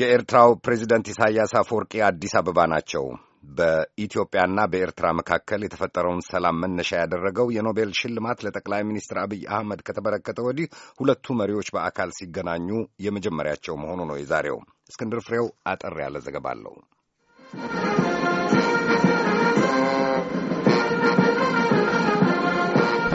የኤርትራው ፕሬዚደንት ኢሳያስ አፈወርቂ አዲስ አበባ ናቸው። በኢትዮጵያና በኤርትራ መካከል የተፈጠረውን ሰላም መነሻ ያደረገው የኖቤል ሽልማት ለጠቅላይ ሚኒስትር አብይ አህመድ ከተበረከተ ወዲህ ሁለቱ መሪዎች በአካል ሲገናኙ የመጀመሪያቸው መሆኑ ነው። የዛሬው እስክንድር ፍሬው አጠር ያለ ዘገባ አለው።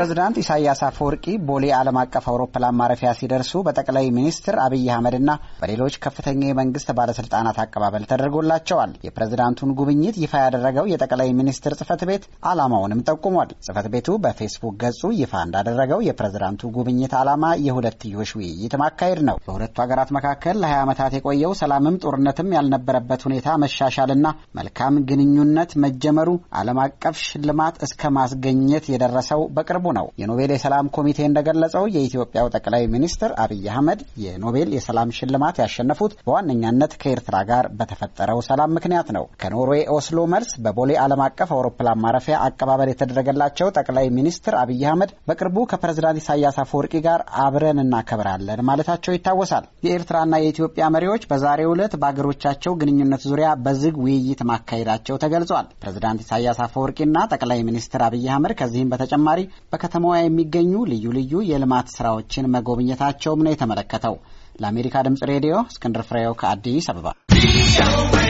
ፕሬዝዳንት ኢሳያስ አፈወርቂ ቦሌ ዓለም አቀፍ አውሮፕላን ማረፊያ ሲደርሱ በጠቅላይ ሚኒስትር አብይ አህመድና በሌሎች ከፍተኛ የመንግስት ባለስልጣናት አቀባበል ተደርጎላቸዋል። የፕሬዝዳንቱን ጉብኝት ይፋ ያደረገው የጠቅላይ ሚኒስትር ጽፈት ቤት ዓላማውንም ጠቁሟል። ጽፈት ቤቱ በፌስቡክ ገጹ ይፋ እንዳደረገው የፕሬዝዳንቱ ጉብኝት ዓላማ የሁለትዮሽ ውይይት ማካሄድ ነው። በሁለቱ ሀገራት መካከል ለ20 ዓመታት የቆየው ሰላምም ጦርነትም ያልነበረበት ሁኔታ መሻሻልና መልካም ግንኙነት መጀመሩ ዓለም አቀፍ ሽልማት እስከ ማስገኘት የደረሰው በቅርቡ ነው። የኖቤል የሰላም ኮሚቴ እንደገለጸው የኢትዮጵያው ጠቅላይ ሚኒስትር አብይ አህመድ የኖቤል የሰላም ሽልማት ያሸነፉት በዋነኛነት ከኤርትራ ጋር በተፈጠረው ሰላም ምክንያት ነው። ከኖርዌይ ኦስሎ መልስ በቦሌ ዓለም አቀፍ አውሮፕላን ማረፊያ አቀባበል የተደረገላቸው ጠቅላይ ሚኒስትር አብይ አህመድ በቅርቡ ከፕሬዝዳንት ኢሳያስ አፈወርቂ ጋር አብረን እናከብራለን ማለታቸው ይታወሳል። የኤርትራና የኢትዮጵያ መሪዎች በዛሬው ዕለት በአገሮቻቸው ግንኙነት ዙሪያ በዝግ ውይይት ማካሄዳቸው ተገልጿል። ፕሬዝዳንት ኢሳያስ አፈወርቂና ጠቅላይ ሚኒስትር አብይ አህመድ ከዚህም በተጨማሪ በከተማዋ የሚገኙ ልዩ ልዩ የልማት ስራዎችን መጎብኘታቸውም ነው የተመለከተው። ለአሜሪካ ድምጽ ሬዲዮ እስክንድር ፍሬው ከአዲስ አበባ